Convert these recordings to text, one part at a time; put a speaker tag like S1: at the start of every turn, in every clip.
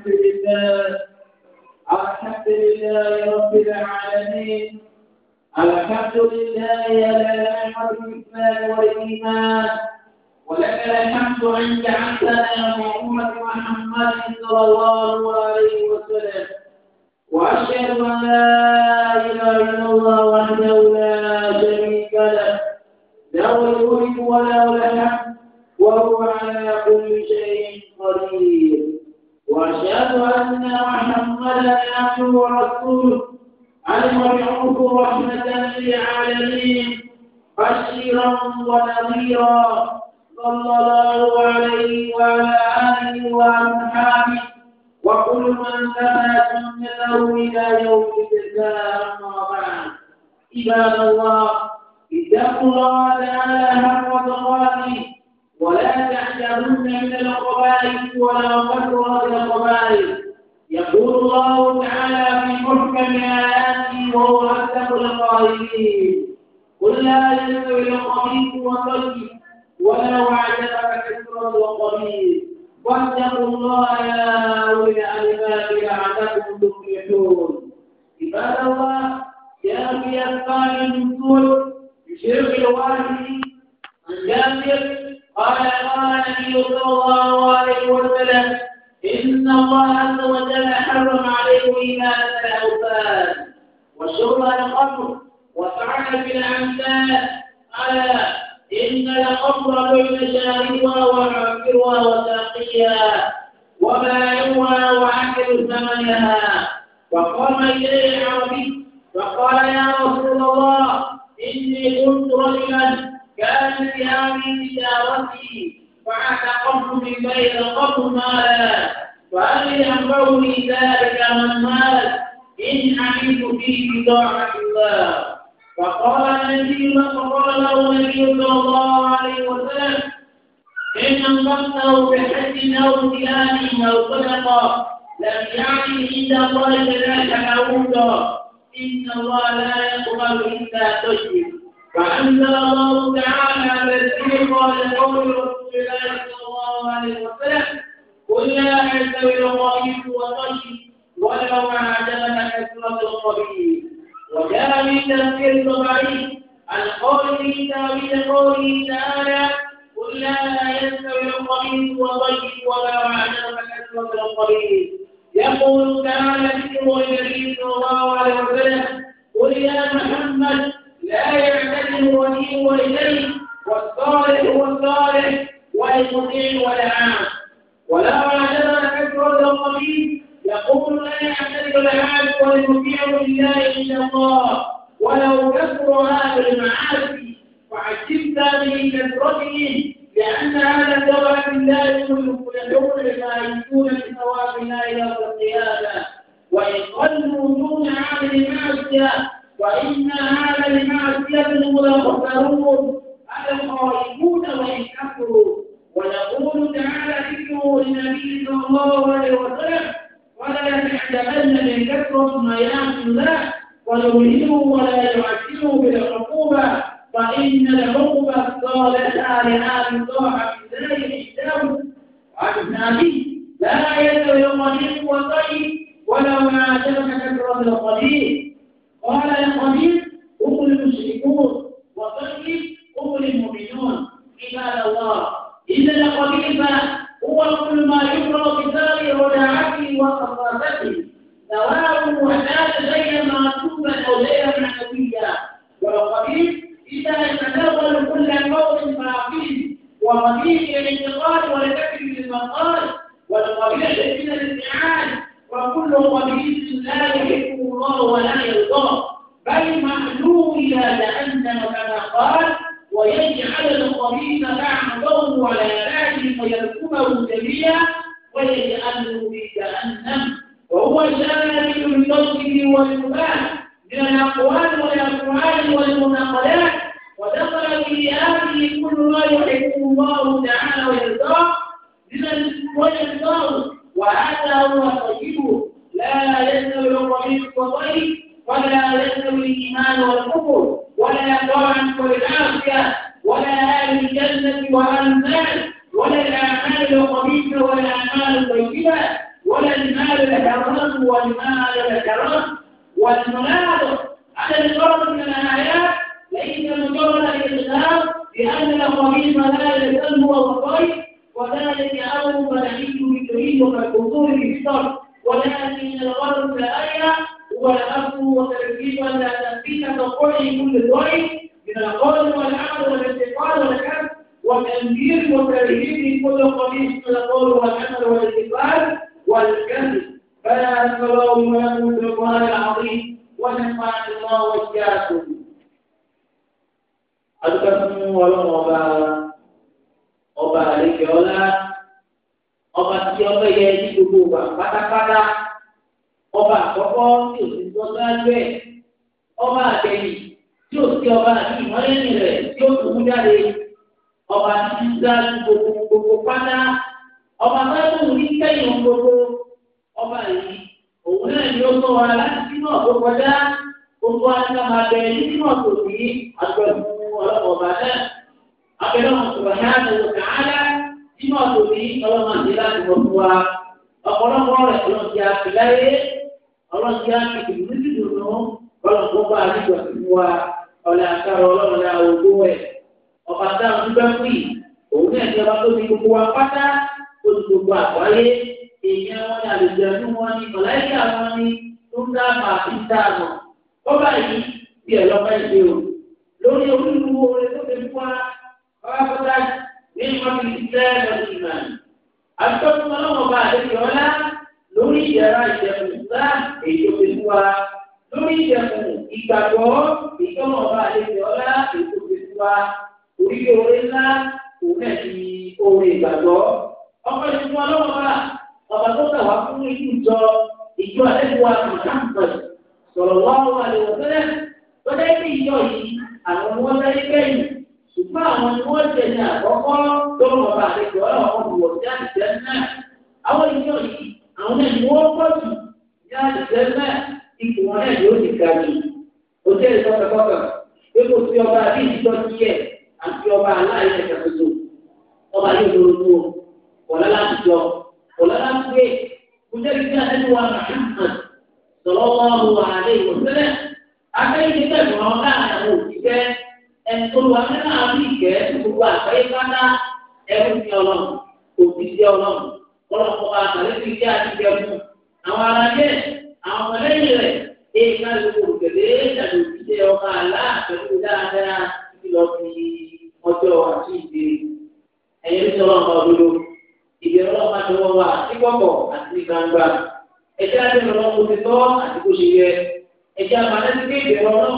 S1: الحمد لله الحمد لله رب العالمين الحمد لله على نعمة الإسلام والإيمان ولك الحمد عند جعلتنا وأمة محمد صلى الله عليه وسلم وأشهد أن لا إله إلا الله وحده لا شريك له له الملك وله الحمد وهو على كل شيء قدير وأشهد أن محمدا عبده ورسوله المبعوث رحمة للعالمين بشيرا ونذيرا صلى الله عليه وعلى آله وأصحابه وكل من تبع سنته إلى يوم الجزاء أما بعد عباد الله اتقوا الله تعالى حق تقاته ولا تحسبن من القبائل ولا قدر من القبائل يقول الله تعالى في محكم آياته وهو أكثر القائلين قل لا يستوي الخبيث والطيب ولا أعجبك كثرة الخبيث واتقوا الله يا أولي الألباب لعلكم تفلحون عباد الله يا في أثقال النزول بشرك الواحد عن جابر قال قال النبي صلى الله عليه وسلم إن الله عز وجل حرم عليكم إيمان الأوثان وشرب الخمر وفعل في الأمثال ألا إن الخمر بين شاربها ومعكرها وساقيها وما وبائعها وعاكل ثمنها فقام إليه العربي فقال يا رسول الله إني كنت رجلا كانت هذه تجارتي فاعتقبت من بين قبل مالا فهل ينفعني ذلك من مال إن عملت فيه بطاعة الله فقال النبي فقال له النبي صلى الله عليه وسلم إن انفقته بحج أو صيام أو صدقة لم يعني عند الله ذلك عودا إن الله لا يقبل إلا تشرك طيب. فأنزل الله تعالى الذي قال قول رسول الله صلى الله عليه وسلم قل لا يستوي الخبيث والطيب ولو أعجبك كثرة الخبيث وجاء من تفسير الطبري عن قوله تعالى قوله تعالى قل لا يستوي الخبيث والطيب ولو أعجبك كثرة الخبيث يقول تعالى ذكر النبي صلى الله عليه وسلم قل يا محمد لا يعتدل الولي إليه والصالح هو الصالح والمطيع والعام ولا وعدنا كثرة القبيل يقول لا يعتدل العام والمطيع لله إلا الله ولو كثر هذا المعاصي وعجبت من كثرته لأن هذا ثواب الله يدعون الفائزون بثواب الله إلى القيامة وإن قلوا دون عمل المعصية وإن هذا لما لمعصية ولمختارون الخائفون وإن كفروا ويقول تعالى ذكره للنبي صلى الله عليه وسلم ولا تحسبن من كفر ما يعصي الله ونؤمنه ولا يعسره بالعقوبة فإن العقوبة الصالحة لآل طاعة الله إحداهم عن النبي لا يدعو القليل والطيب ولو ما عجبك كثرة القليل قال يا قبيل هم المشركون وقيل هم المؤمنون عباد الله إن القبيل هو كل ما يقرأ بسبب وداعته ثواب سواء وكان ما معصوما أو شيئا معنويا والقبيل إذا يتناول كل قول فاقيل وقبيل الانتقال والكفر بالمقال والقبيل من الابتعاد وكل قبيل لا يحبه الله ولا يرضاه بل معلوم إلى جهنم كما قال ويجعل القبيل بعضه على بعض ويركبه جميعا ويجعله في جهنم وهو شامل للقلب والمباح من الأقوال والأفعال والمناقلات ودخل في هذه كل ما يحبه الله تعالى ويرضاه من ويرضاه وهذا هو الطيب لا يستوي القميص والطيب ولا يستوي الايمان والكفر ولا طاعا والعافيه ولا اهل الجنه واهل المال ولا الاعمال القبيحه ولا الاعمال الطيبه ولا المال الحرام والمال الحرام والمناد على الفرق من الايات ليس مجرد الاخلاق لأن القبيح لا يسلم والطيب وذلك اول ما يريد الحصول بالشر ولكن الغرض الآية هو الأخذ لا تنفيذ تقوله كل ضري من القول والعمل والاعتقاد والكسب وتنبير وترهيب كل قبيح من القول والعمل والاعتقاد والكسب فلا تروا ما القرآن العظيم ونفعنا الله وإياكم أذكركم ولو أبا وبارك عليك ولا ọba tí ọba yẹ ní gbogbo wa pátápátá ọba àkọ́kọ́ tí òsì sọ́dọ̀ ọba àtẹ̀yìn tí òsì ọba àti ìmọ̀lẹ́yìn rẹ̀ tí ó tún jáde ọba tí gbogbo gbogbo pátá ọba mẹ́tò ní kẹ́yìn gbogbo ọba yìí òun náà ni ó wa láti sínú gbogbo sí ọlọ́pàá ọba náà inú ọdún ní ọlọ́mọ àti láti wọ́n fún wa ọ̀pọ̀lọpọ̀ rẹ̀ ọlọ́ọ̀tì àfiláyé ọlọ́ọ̀tì àfìdìbò nídìdùnú ọlọ́ọ̀tì bá àdìgbò fún wa ọ̀là àkàrà ọlọ́ọ̀lá ògbó ẹ̀ ọ̀pá táwọn dúpẹ́ fún yìí òun náà ti ọba tó ti gbogbo wa pátá tó ti gbogbo àgbáyé èèyàn wọn ni àlejò ẹnu wọn ni mọ̀láyé àwọn ni نعمة الإسلام والإيمان أتقوا الله بعد الولاء lórí ìyára ìjẹun ńlá èyí tó fi wá lórí ìjẹun ìgbàgbọ́ ìtọ́nà ọba àlejò ọlá èyí tó fi wá orí oore ńlá òun náà ti oore ìgbàgbọ́ ọkọ ìṣúná ọlọ́wọ́ bá ọba tó kà wá fún ìlú ìjọ ìjọ àlejò àtúntàǹtà sọ̀rọ̀ wá wà lè ọmọ ọlọ́dẹ́ gbẹ̀yìn ṣùgbọ́n àwọn ni wọ́n ṣe ní àkọ́kọ́ tó ń bọ̀ àlejò ọ̀rọ̀ wọn lù wọ̀ sí àdìsẹ́ náà àwọn ènìyàn yìí àwọn náà ni wọ́n pọ̀ jù ní àdìsẹ́ náà ipò wọn náà yóò ti ga jù ó jẹ́ ìtọ́kọ̀tọ́kọ̀ pé kò sí ọba àbí ìtọ́ díẹ̀ àti ọba aláìsẹ̀ kàtúntò ọba yóò lọ lọ ọ̀lá láti jọ ọ̀lá láti gbé kò jẹ́ kí adéwà Muhammad sọ̀rọ̀ wọn wọ àlẹ́ ẹni tó lu amẹ́ náà rí ìgẹ́ gbogbo àgbáyé pátá ẹrú ní ọlọ́run òbí jẹ́ ọlọ́run ọlọ́run kọ́ bá àtàlẹ́ fi jẹ́ àtijọ́ fún àwọn ará jẹ́ àwọn ọmọlẹ́yìn rẹ̀ èyí náà ló kò gbẹ̀dẹ́ ìdàgbò ìdílé ọmọ àlá pẹ̀lú dáadáa ti lọ fi ọjọ́ àti ìdè
S2: ẹ̀yẹ́ ń sọ̀rọ̀ ọmọ
S1: òdodo ìbẹ̀rẹ̀ ọlọ́run máa tọwọ́ wa ní kọ̀kọ̀ àti ní gbangba ẹ̀jẹ̀ àti ìrọ̀lọ́run ti tọ́ àti kó ṣe yẹ ẹ̀jẹ̀ àbálẹ́ ti gbé ìbẹ̀rẹ̀ ọlọ́run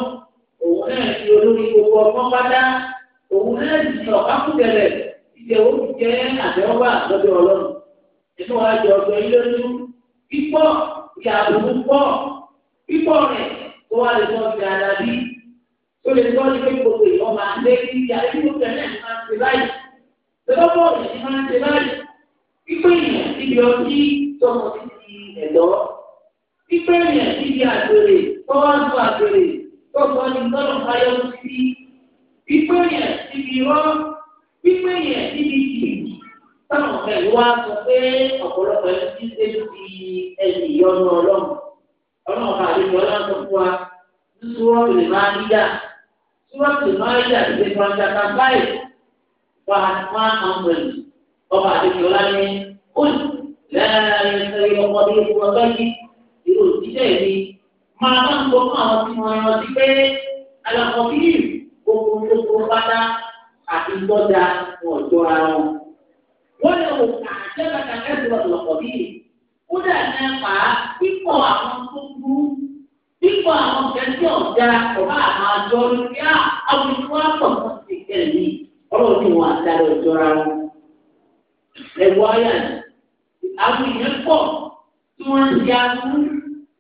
S1: òun náà ti olórí gbogbo ọgbọ́n pátá òun náà ti sọ kákútẹ̀lẹ̀ ìjẹ́ ó ti jẹ́ àtẹ́wọ́gbà lọ́dọ̀ ọlọ́run ẹ̀sùn wa jẹ ọgbẹ́ ilé ojú pípọ̀ ìyàbùrú pọ̀ pípọ̀ rẹ̀ tó wà lè sọ ti ara bí tó lè sọ ní pé gbogbo ìwọ máa ń lé kí ayé tó tẹ̀lé máa ń ṣe báyìí lọ́wọ́ bọ̀ ní máa ń ṣe báyìí pípé ìyẹn ibi ọtí tọmọ ti di ẹ̀dọ́ pípé ìyẹn ibi àgbèrè tọ́wọ́ àgbèrè yóò sọ ní gbọ́dọ̀ fáyọ́ sí pípé yẹn síbi rọ́ pípé yẹn síbi jì
S2: táwọn pẹ̀lú wa sọ
S1: pé ọ̀pọ̀lọpọ̀ ẹni tí ń dé ti ẹni ìyọnu ọlọ́run ọlọ́run bá àlejò ọlọ́run tó fún wa nítorí wọ́n lè máa ń yíyá tí wọ́n lè máa ń yíyá ìgbé gbọ́njà kan báyìí wà á hàn pẹ̀lú ọba àlejò ọlọ́run ní kúlù lẹ́yìn ẹ̀sẹ̀ ìrọ̀pọ̀ ní ìfowópamọ́ yìí ìròyìn máa bá ń gbọ́ fún àwọn tí wọ́n yan ọtí pé alakọ̀bíyì gbogbo gbogbo pátá àti gbọ́dá wọn jọra wọn. wọ́n lè wò ká jẹ́ka kàkẹ́ tó alakọ̀bíyì kódà ní ẹ̀fà pípọ̀ àwọn tó burú pípọ̀ àwọn kẹ́kẹ́ ọ̀gá ọ̀gá àwọn àjọ lórí àwọn ìlú àpọ̀ ti kẹ́lẹ̀ ní ọlọ́run ní wọn àtàlẹ́ ọ̀jọ́ra wọn. ẹ̀wọ̀ ayà ni àwọn ìyẹn pọ̀ tí wọ́n ń ṣe aburú.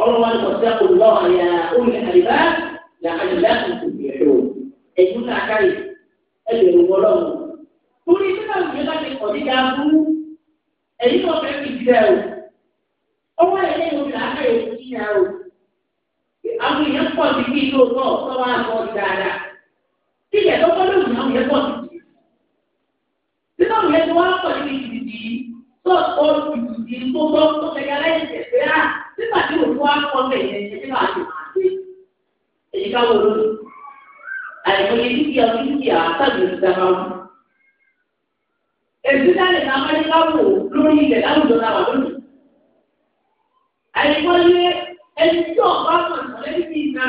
S1: ọlọ́wọ́ eh, eh, eh, ni wọ́n sẹ́kù lọ́wọ́ ya olè àlìbá ya àlìbá kùkù yẹ̀rọ ẹ̀jú náà káyì ẹ̀jẹ̀ ló wọ́ lọ́wọ́. torí nígbà tó yẹ bá ti kọ̀ nígbà fún ẹ̀yìn náà fẹ́ fi jẹ o ọwọ́ ẹ̀yẹ yóò fi àáká yóò fi yà o àwọn èèyàn pọ̀ sí kí ìlú náà sọ́wọ́ àgbọ̀ dáadáa kí ìyẹn tó kọ́ lóògùn àwọn èèyàn pọ̀ sí kí nínú àwọn èèyàn tó wá pọ̀ sí kí ìdìdì yìí tó ọ̀ ìdìdì tó gbọ́ tó kẹ̀kẹ́ láì tẹ̀ pé á nígbà tí kọ́ bẹ̀ yẹn ṣe máa ṣe máa ṣe èyí ká wọ lónìí àìmọye dúkìá dúkìá sábẹ̀ ti dára wọn. èsì sáré náà máa ní ká wò lórí ilẹ̀ láwùjọ náà wà lónìí. àìmọye ẹni tí ọ̀pá kan mọ̀lẹ́bí ti na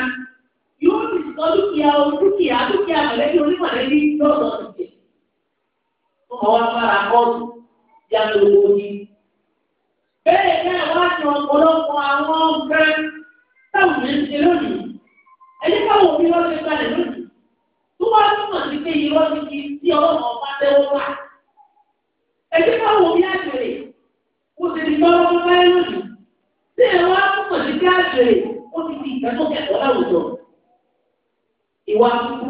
S1: yóò ti sọ dúkìá o dúkìá dúkìá mọ̀lẹ́bí onímọ̀lẹ́bí lọ́dọ̀ ti jẹ. ọmọ wa fara kọ́ọ̀tù yá lówó ní. bẹ́ẹ̀ láti ọ̀pọ̀lọpọ̀ àwọn ọgbẹ́ táwọn èèyàn ṣe lónìí ẹni káwọn òbí wọn ṣe lónìí tó wá túmọ̀ sí pé irọ́ ti di ọlọ́mọ ọba tẹ́wọ́ wà ẹni káwọn òbí àgbèrè kò sì ti lọ́wọ́ tó báyé lónìí tí ẹ̀ wá túmọ̀ sí pé àgbèrè ó ti di ìgbẹ́ láwùjọ ìwà kúkú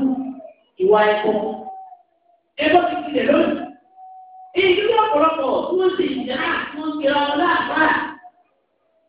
S1: ìwà ẹ̀kọ́ ẹ̀kọ́ ti ti lónìí èyí tó ọ̀pọ̀lọpọ̀ tí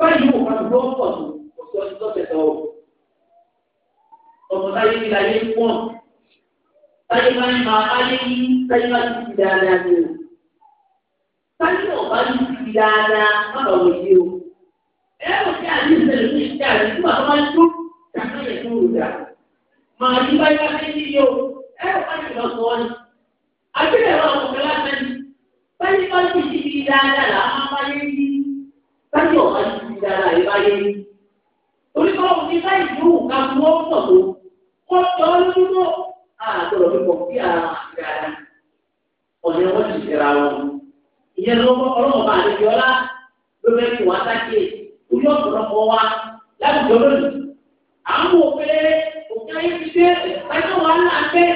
S1: báyìí wò ká ló pọ̀ tó kò sí ọtí lọ́sẹ̀ tó o. ọmọ táyé ní ayé pọ̀ táyé máa ń ma ayé yí táyé máa ti fi dáadáa ní o. táyé ọ̀bá ti fi dáadáa má bà wọ̀ yí o. ẹ ò sí àdé ìṣẹ̀lẹ̀ ní ìṣẹ́ àdé tí bàbá máa tó kàkà yẹ o dà. màá yí báyìí bá fẹ́ yí o ẹ ò bá ti lọ sọ ọ́ ni. àbí ẹ̀rọ àwọn ọ̀gá láti báyìí ti fi dáadáa làwọn máa yé yí dára yìí báyé. Torí kọ́ òun ti láì dúró ká mú ọ́ pọ̀ tó. Wọ́n jọ ọ́ lójú mọ́. Àgbọ̀dọ̀ mi kọ̀ bí ara àgbàdá. Ọ̀nà wọn ti tẹ̀ra wọn. Ìyẹn lọ́wọ́ ọlọ́wọ́ bá àlejò ọlá ló fẹ́ fi wá sáké. Orí ọ̀pọ̀lọpọ̀ wa láwùjọ lónìí. À ń wò pé òkè ayé ti dé ẹ̀ka wà ń láǹfẹ́.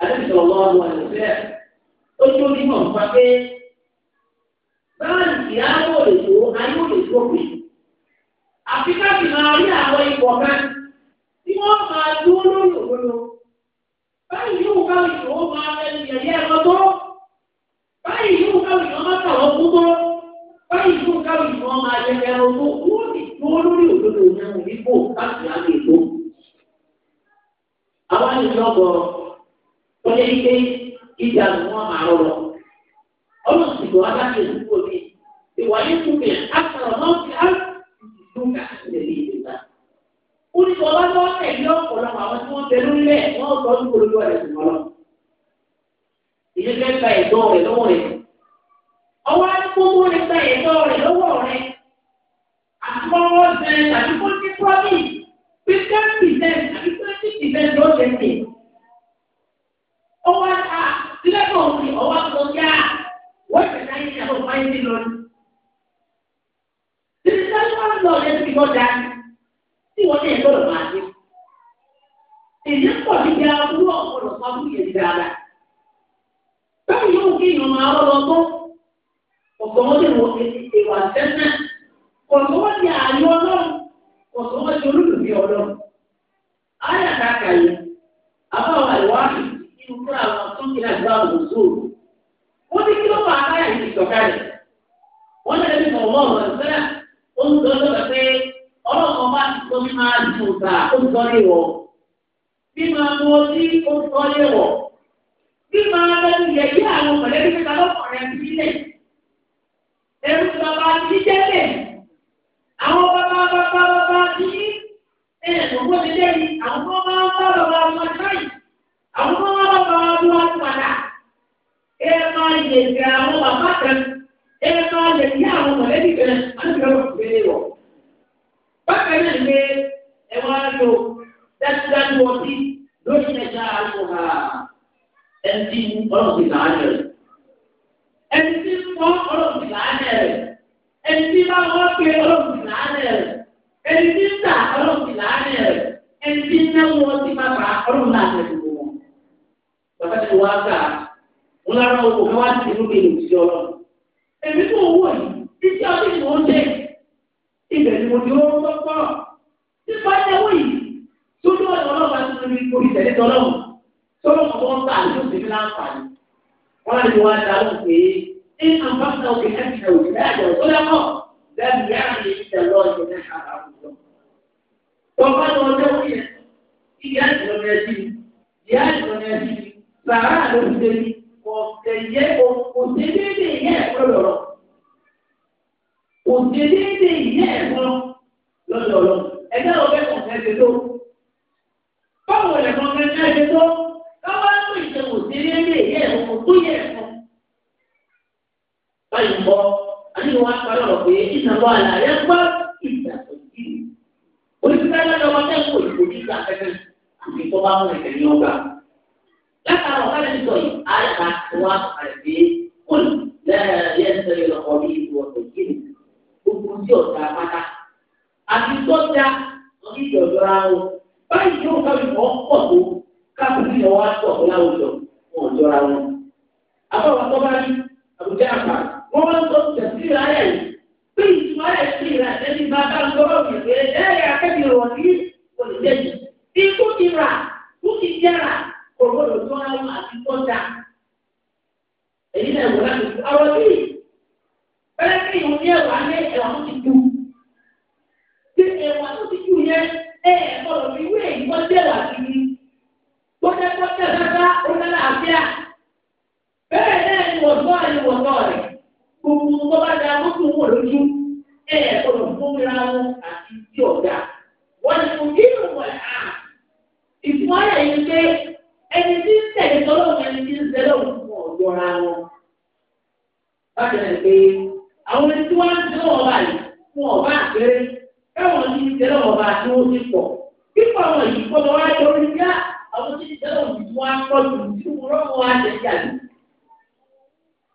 S1: Adébìsọ̀ ọlọ́run àlùfẹ́. Ó tó ní mọ̀ nípa pé
S2: báyìí. ìyá yóò lè tó ayé
S1: yóò lè tó pè. àfi káàkiri máa rí àwọn ipò kan tí wọ́n máa dúró lórí òdodo. báyìí yóò ìṣòro máa ẹ̀yẹ tó. báyìí yóò káwọn ìṣòro máa kàwọn kú tó. báyìí yóò káwọn ìṣòro máa yẹ ẹ̀rọ tó. wọ́n dúró lórí òdodo àwọn wọ́n ike ìjà ìwàlẹ́kùn bẹ̀rẹ̀ àtàrà náà fi á lùkà lẹ́lẹ́ ìdìbà. ó ní bọ́ bá lọ́ tẹ̀lé ọ̀pọ̀lọpọ̀ àwọn tí wọ́n bẹ lórí rẹ̀ wọ́n sọ ní polówó rẹ̀ sùn lọ. ìdílé gba ẹ̀gbọ́n rẹ̀ lọ́wọ́ rẹ̀. ọwọ́ akókó rẹ̀ gba ẹ̀gbọ́n rẹ̀ lọ́wọ́ rẹ̀. àtúwọ́wọ́ bẹ̀rẹ̀ tàbí kó ti pọ́lì fifteen percent tàbí twenty percent ló ṣe sí. ọwọ́ ta sílẹ̀ náà ọwọ́ àgbọ̀n yá ah, wọ́n ti náà yẹ lọ lẹ́nu kí wọ́n dání tí wọ́n ní ẹ̀gbọ́n máa dé. Èyí pọ̀ ní ga owó ọ̀pọ̀lọ̀ kan fún yẹn dáadáa. Báwo yóò kí èèyàn máa rọ́ lọ tó? Ọ̀pọ̀ wọn lè wọ ìwà sẹ́sẹ̀. Ọ̀pọ̀ wọn di ààyè ọlọ́run. Ọ̀pọ̀ wọn di olólùfẹ́ ọlọ́run.
S2: Ayà ká kàyé.
S1: Àbáwọ̀ àìwáàbì nínú fúnra wọn tó ń kí láti bá àwọn sóòrò. Wọ́n ní kí ló máa láyà yìí ìjọ̀kárẹ̀. Wọ́n lẹ́nu ìmọ̀ ọ̀wọ́ ọ̀rọ̀ ìfẹ́ ó ń sọ lọ́dọ̀ pé ọlọ́run bá ti sọ mímọ́ àdìmọ̀ta ó sọ lé wọ̀ mímọ́ mú ọtí ó sọ lé wọ̀ mímọ́ lẹ́nu yẹ kí àwọn mọ̀lẹ́bí ti ta lọ́kọ̀ọ̀rẹ́ ti sílẹ̀ ẹ̀rù bàbá ti jẹ́lẹ̀ àwọn bàbá bàbá bàbá ti ẹ̀ lọ́wọ́ ti lẹ́yìn àwọn bàbá bàbá bàbá ti báyìí àwọn bàbá bàbá bàbá ti padà ẹ̀ máa yẹ̀ ẹ máa lè yá àwọn mọ̀lẹ́bí bẹ̀rẹ̀ àdúgbò ọ̀gbìn ní wọ̀. bákan náà ni ẹ wá lò dájúdájú ọtí lórí ẹja àtúnhà ẹni tí ọlọ́ọ̀gbìn náà rẹ̀ ẹni tí wọ́n ọlọ́ọ̀gbìn náà rẹ̀ ẹni tí bá wọ́n pé ọlọ́ọ̀gbìn náà rẹ̀ ẹni tí ń tà ọlọ́ọ̀gbìn náà rẹ̀ ẹni tí ń náwó ọtí pàpà ọlọ́ọ̀gbìn náà rẹ̀ lò wọ́n. bàbá ti wá gbà ńlá náà wò wọ́n wá ti rúbìn òṣìṣẹ́ ọlọ́run èmi tó wò yìí títí ọdún ìmọ̀ ń dé ibẹ̀ ni mo ti ó ń tọ́pọ̀ nípa ẹ̀wọ̀ yìí tó ní ọ̀dọ̀ ọlọ́run àti omi orí tẹ̀lé tọ́lọ́run tọ́lọ́run ọ̀bọ̀ ń tà ló ti fi láǹfààní wọ́n á lè wá dáhùn pé ní àǹfààní òkè ẹ̀kẹ́ òkè láàjọ tó lẹ́kọ̀ọ́ lẹ́nu yára ní ìtẹ̀lọ́ ìtẹ̀lẹ́ àrà àwùjọ. tọ́pá ni wọ́n jẹ́ wọ́n yẹn ìyá ìtọ́ni ẹbí ìyá ìtọ́ni ẹbí sàrà ló ti dé ọ̀sẹ̀ yẹ òṣèlédè yẹ ẹ̀kọ́ lọ́rọ̀ òṣèlédè yẹ ẹ̀kọ́ lọ́rọ̀ ẹ̀dá ọ̀fẹ́ kọ̀ọ̀fẹ́ ti tó báwo lẹ̀ kọ̀ọ̀fẹ́ náà ti tó káwá ń pè ṣe òṣèlédè yẹ ẹ̀kọ́ tó yẹ ẹ̀kọ́ báyìí bọ́ àdéhùn wa pa lọ́rọ̀ pé ìtàbọ̀ àlàyé gbọ́ ìtàkùn yìí oníṣẹ́ lọ́dọ̀ wọn
S2: látara ọ̀gá lè sọ yìí àyà
S1: wa àgbè kún lẹ́yìn ẹ̀sẹ̀ yọ̀ ọ̀rí ìwọ̀ òkèèrè gbogbo tí ọ̀dà pátá àti tọ́jà ọ̀rí ìjọba wọn báyìí yóò ká ìfọ̀ pọ̀ tó káàkiri ìyàwó àtọ̀ láwùjọ wọn ò jọra wọn. àbáwọ̀ tó bá rí àbújá àgbà wọ́n wá ń sọ tẹ̀sí ayà yìí pé ìtumọ̀ ayà yìí rà ẹni bá bá ń gbọ́ ìgbé ẹ̀yà akẹ́kọ̀ọ́ wọn ní olùjẹ́jì ikú ti rà kú ti jẹ́ra gbọ́dọ̀ tó ayọ̀ àti kọjá èyí náà wò láti tu ọ̀rọ̀ yìí bẹ́ẹ̀ kí ìhun ní ẹwà ní ẹwà tó ti tu tí ẹwà tó ti tu yẹn ẹ ẹ gbọ́dọ̀ fi wé èyí wọn jẹ wà sí i kọjá kọjá dáadáa ó dára àfíà
S2: bẹ́ẹ̀ náà ni wọ́n gbọ́ àyè wọ́n
S1: gbọ́ rẹ̀ gbogbo tó bá da ó tún wò lójú ẹ ẹ gbọ́dọ̀ fún mi ra wọn àti tí ọ̀gá wọn ni kò kí ìwọ̀n ẹ̀ à ìfún ayẹyẹ pé ẹni tí ń tẹ̀lé tọ́lọ́run ẹni tí ń tẹ̀lé òun fún ọ̀yọ́ra wọn. bákan náà pé àwọn ẹni tí wọ́n ń tẹ̀lé wọn báyìí fún ọ̀bá àpẹẹrẹ káwọn ti ń tẹ̀lé wọn bá tí wọ́n ti pọ̀ pípọ̀ àwọn yìí kọ́ lọ wáyé orí yá àwọn tí ń tẹ̀lé òun tí wọ́n á kọ́ ju tí wọ́n rọ́ọ̀mù wá jẹ jáde.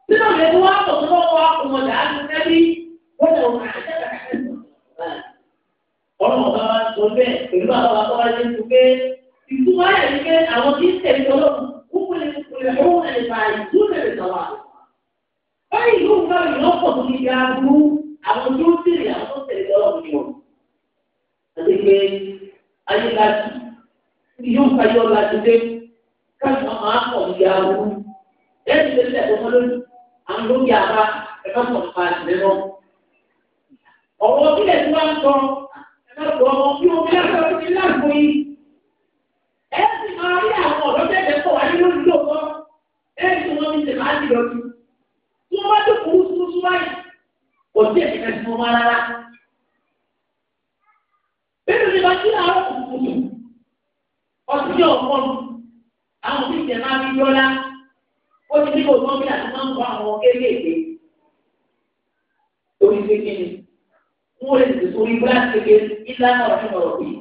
S1: nínú ìwé tí pọ̀ tó lọ́wọ́ wa sọ bẹ́ẹ̀ pẹ̀lú ìtumọ̀ ẹ̀ ní pé àwọn tí ń tẹ̀lé ọlọ́run kúkú lè owó ẹ̀fà ìdúró lè sọ̀rọ̀ àlọ́. báyìí ìlú ń báyìí lọ́pọ̀ tó ti ga bú àwọn tó ń tẹ̀lé àwọn tó ń tẹ̀lé ọlọ́run yọ̀. àti pé ayé láti yóò ń fayọ́ láti dé káyọ̀ ọmọ akọ̀ ní ga bú. ẹ̀rù ti tẹ̀lé ẹ̀kọ́ lórí àwọn ló ń yà bá ẹ̀fọ́ sọ̀rọ̀ fà sílẹ̀ lọ. ọ̀rọ̀ sílẹ̀ tí wọ́n ń sọ ẹ̀fọ́ ẹ sì máa rí àwọn ọ̀dọ́ tẹ̀sẹ̀ pọ̀ wá nínú ìlú ọ̀pọ̀ ẹ sì wọ́n mi sì máa ń dìbò sí. tí wọ́n bá tó kú súnmọ́sú báyìí kò sí ẹ̀sìn kan sí wọn rárá. bẹ́ẹ̀ ni bá sílẹ̀ àwọn kùkùkù ọtí yóò mọ́ mi àwọn òbí ìjẹ̀ máa ń yọ lá ó ti ní kò mọ́ mi àti máa ń kọ́ àwọn kéékèèké. orí kékeré wọ́n lè tètè sórí gbáàsì kékeré ìlànà ọ̀rẹ́ ọ̀rọ̀ bíi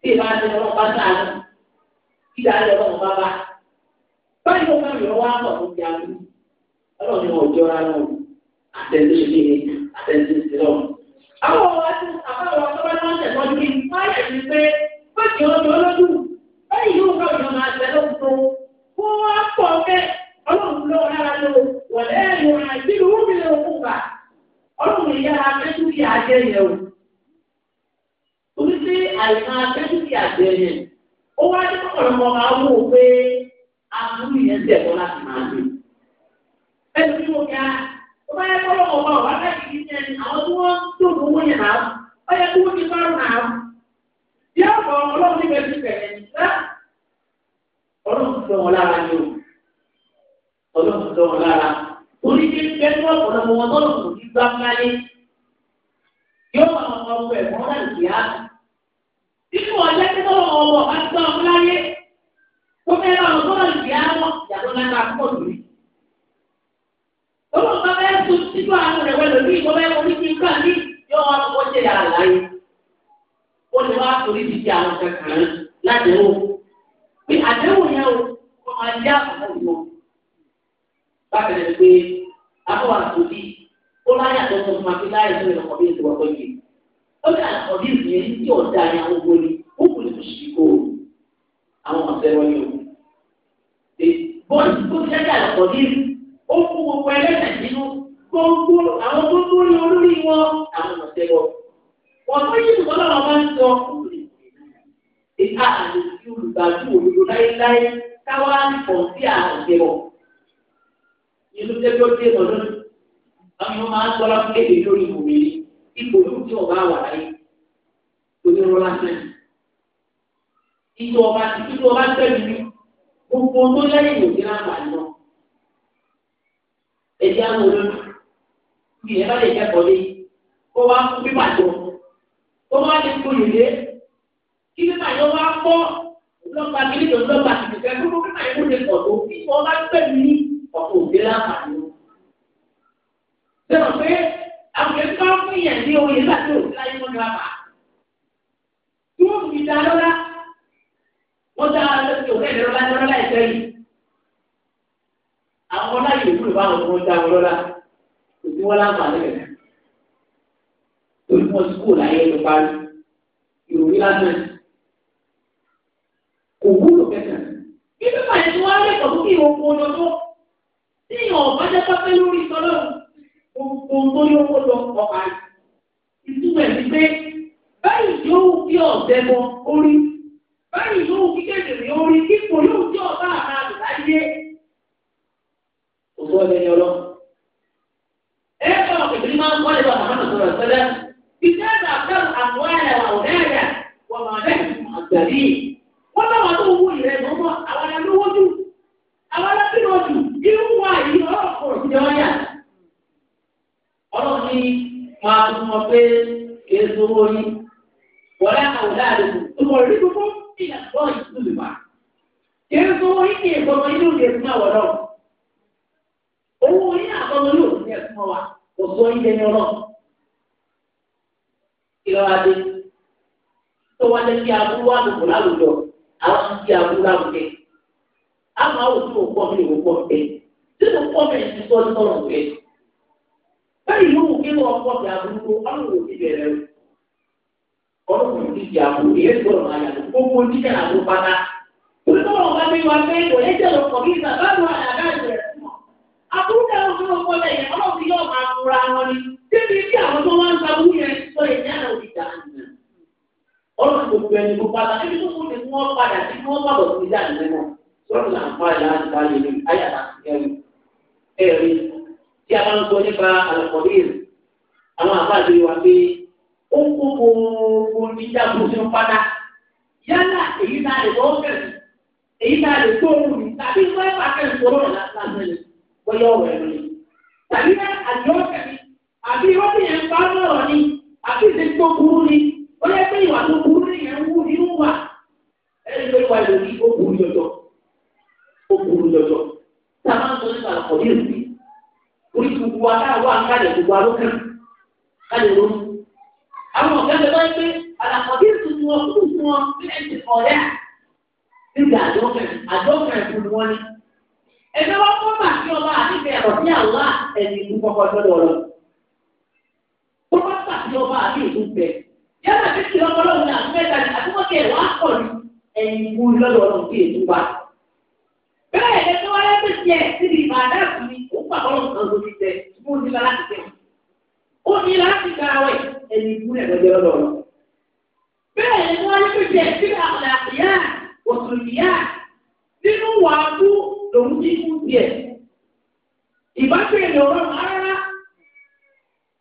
S1: tí ìbá ti lọ́ọ́ bá sáà lọ. kí lè ayọ̀ lọ́wọ́ bá bá. báyìí ló máa yọ wá mọ̀ fún ti àlú ọlọ́run ọjọọ wọn ò jọra lọ kí ni àtẹ̀sí lọ. àwọn ọmọ wa ti tẹ̀sán pé lọ́dún báyìí yóò yọ máa tẹ̀ lọ́dún tó kó wá pọ̀ ọlọ́run rárá lọ ó wá ní kọ́kọ́rọ́ mọ́ máa wò pé àbúrò yẹn tẹ̀ wọ́n láti máa dé. ẹnu tí mo ga ó bá yẹ kọ́kọ́ mọ́ máa wá láti kí ní ẹni àwọn tí wọ́n tó lówó yẹn náà ó yẹ kó ní márùn náà. bí ọ̀pọ̀ ọlọ́run ní bẹ́ẹ̀ ti bẹ̀rẹ̀ nígbà ọlọ́run tó wọn lára ni o ọlọ́run tó wọn lára orí ti ń bẹ́ẹ̀ tó ọ̀pọ̀lọpọ̀ wọn tó ń wọ nínú ọjọ́ tí tọ́lọ̀ ọwọ́ bá láyé tó fẹ́ àwọn ìyàtọ̀ náà lórí. bẹ́ẹ̀ tó títú àwọn ìbọn bẹ́ẹ̀ ní yàrá láyé. Ó torí ti di àwọn kankan ládéhùn. Pé àdéhùn yẹn o, wọ́n máa yá àwọn ìwọ̀n. Bákan ẹ̀ ó ní àkọ́bí ìyẹn tí ọ̀dà ni àwọn owó ni ó kù ní oṣù kó àwọn ọ̀sẹ̀ wọlé o. bọ́ọ̀lù tó fi ẹ̀ka àkọ́bí ó fún gbogbo ẹlẹ́sẹ̀ nínú gbogbo àwọn tó tó ní olórí wọn àwọn ọ̀sẹ̀ wọ. wọ́n tó yí ìtọ́lá wọn máa ń sọ ìka àlùfí olùgbàjú òdodo láéláé káwá pọ̀ sí àgbẹ̀ wọ̀. ìlú tẹ́jọ́ dé lọ́dún àwọn máa ń sọ́ra fún kéde lórí ìwòye ipò tí ọba wà láyé onírọ́ lásán ìjọ ọba ti kí ọba tẹ̀lé mi gbogbo tó lẹ́yìn òkè láǹfààní lọ ẹ̀jẹ̀ àwọn olórí kí ẹ bá lè kẹ́kọ̀ọ́ lé kó wá fún pípa jọ kó wá lè gbòòlò lé kí pípa yọ wá pọ̀ lọ́pàá kí nìkan lọ́pàá ti tẹ̀ kó pípa yọ lè pọ̀ tó kí ọba tẹ̀lé mi ọ̀pọ̀ òkè láǹfààní lọ àwọn kẹ̀kẹ́ tó fún yẹn ní oyè nígbà láyé wọn ni wọn bá. tí wọ́n fi da lọ́la wọ́n dá lọ́sọ̀tò lọ́la lọ́la ẹ̀fẹ́ yìí. àwọn ọlá yìí wúlò bá wọn wọn dá lọ́la kò sí wọn láǹfààní rẹ̀. torí wọn ti kúrò láyé ló parí ìròyìn lásán kò wúlò kẹta. bí pípa ẹ̀ tí wọ́n á lè pọ̀ kí ìwọ̀n kó o tó. tí ìyàn ọ̀bá jẹ́ pápẹ́ lórí ìtọ́lọ́run gbogbo tó yọ owó lọ ọ̀pá ìtumọ̀ ẹ̀mí pé báyìí yóò fi ọ̀dẹ́ bọ orí báyìí yóò fi kékeré orí kíkó yóò fi ọ̀bá àná àlùláyé òtún ọ̀dẹ́ ni ọlọ́ ẹ bá ọ̀kẹ́kẹ́ máa ń kọ́ ẹ̀ bá màmá sọ̀rọ̀ sọ́dá ìdá àgbà àwọn ẹ̀rọ àwọn ẹ̀rọ wọn máa bẹ́ẹ̀ fún àgbàrí wọn bá wọn tó wú ìrẹ́ mọ́mọ́ àwọn ẹ̀rọ lówó jù àwọn ẹ̀rọ kí ọlọ́run ní máa tún mọ pé èso owó yìí wọlé àwòrán àdìgbò tó mọ̀ rí gbogbo ní ìyàtọ̀ ìtúlù wa. èso owó yìí kì í gbọmọ inú òde fún àwọn náà. owó yìí àgbọmọ inú kò sọ ní tó wá lé kí aburú láwùjọ àwọn kí aburú láwùjẹ. àwọn àwòrán báyìí yóò kí wọn kọ́ ti àbúrò ọlọ́run ò ti bẹ̀rẹ̀ o ọlọ́run ò ti di àbúrò èyí gbọ́dọ̀ máa yàtọ̀ gbogbo oníṣẹ́ àbúrò pátá olùkọ́ wọn bá mi wá pé kò ní jẹ́rọ kọ̀ bí ìgbà báwo àdá ìbẹ̀rẹ̀ àbúrò táwọn fi wọn kọ́lẹ̀ yẹn ọlọ́run yóò máa fura wọn ni débi tí àwọn tó máa ń ta wúyẹ sọ èyí àná òdì dànù ọlọ́run gbogbo ẹni gbogbo àgbà níbi tó kún ní kí wọ́n padà sí kí wọ́n pàbọ̀ sí ìjà ìlẹ́mọ̀ sọ́ọ̀tì làǹfààní láti bá lè rí ayàtà ẹ̀rí tí a bá ń sọ nípa àlọ́kọ̀ọ́bìr àwọn àbájọ wa pé ó ń kó gbogbo níjà tó ṣe ń padà yálà èyí tá a lè tọ́ kẹ̀sì èyí tá a lè tó òun ní tàbí wọ́n ẹ̀ bá kẹ̀sì tó lọ́rọ̀ lásán lẹ́nu wọ́n yọ ọ̀rọ̀ ẹ̀rọ ni tàbí àjọ kẹ̀sì àbí wọ́n ti yẹn pa lọ́rọ̀ ni àbí ìṣe tó burú ni ó yẹ pé ìwà tó burú ni yẹn ń wú ní wà ẹni tó wà lórí ó burú jọjọ ó burú jọjọ tá a máa ń sọ nípa àkọ́bí oríṣi gbogbo wa náà wà kálẹ̀ gbogbo alókè kálẹ̀ ló ń. àwọn ọ̀gá mi wáyé pé àlàkọ̀dé tuntun wọn kúrò fún wọn sílẹ̀ ti ọ̀rẹ́ à níbi àdófẹ̀ àdófẹ̀ fún wọn ni. ẹgbẹ́ wọn fún mà sí ọba àdìgbẹ́ ẹ̀rọ sí àlá ẹ̀dì ìlú kọ́kọ́ lọ́dọ̀ lọ. wọ́n bá bà sí ọba àbí ìlú bẹ̀. yálà bí kí ọmọ lọ́wọ́ ní àbúmẹ́ta ni àbúmọ̀kẹ́ ẹ̀ nígbà ọlọ́run kan ló tẹ mo ní láti tẹ ó ní láti gba àwẹ̀ ẹni ikú rẹ̀ lọ́jọ́ lọ́wọ́. bẹ́ẹ̀ ni wọ́n ní pèsè sílẹ̀ àwọn àṣìyá òṣùlùyá nínú wàásù lòun ní ikú tiẹ̀. ìbáṣe ìlọrọ rárá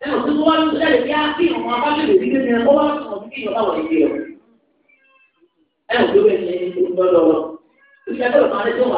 S1: ẹ ò tún wá lóṣù jáde bí a kí ìwọ̀n abájọ́lẹ̀ ní kéde ẹ̀ kó wá sùn ọ̀sùn kí ìyọ̀ká wọ̀ níbi ẹ ò tó bẹ́ẹ̀ ní ẹni tó ń lọ́ lọ́wọ́. ìṣẹ́ tó lọ́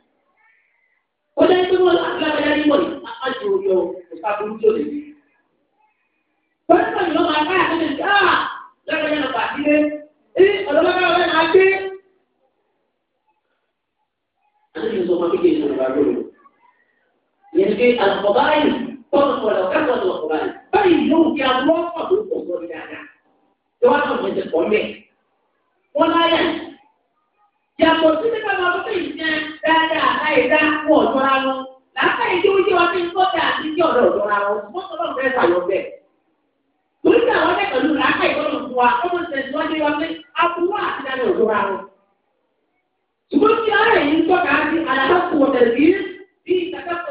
S2: ó jẹ́ pé wọ́n lágbára ní
S1: wọ̀nyí àpájọ òyò ìpàkùrú tó lè rí. pẹ́sìtọ̀ ni wọ́n máa ká àtúnṣe sí àà lọ́dọ̀ yẹn lọ́pàá sílé ní ọ̀dọ́mọ́dọ́ rẹ̀ máa gbé. àti ìṣòro ọmọ kékeré ní ọ̀dọ̀ àgbọ̀rọ̀ yẹn pé àlùkọ̀bá yìí tọ́nù pọ̀lọ̀ kẹ́kọ̀ọ́ ní ọ̀kọ̀bá yìí báyìí yóò kí àwọn ọ̀pọ̀ tó pọ̀ yàtọ̀ sí pípa máa fún ìyẹn dáadáa láìdá fún ọ̀dọ́ra wọn làákà yìí ó yé ọdún sọ́jà àti ní ọ̀dọ̀ ọ̀dọ́ra wọn wọ́n sọ lọ́dún rẹ̀ bẹ́ẹ̀. torí pé àwọn ọ̀dẹ́ pẹ̀lú làákà ìtọ́nà fún wa ọmọ ìṣẹ̀lẹ̀ wọn ní wọn pé aburú àti dáná ọ̀dọ́ra wọn. ṣùgbọ́n tí ara yìí ń tọ́ka sí alábàkù ọ̀tẹ̀lẹ̀bí bí ìtàkàkọ̀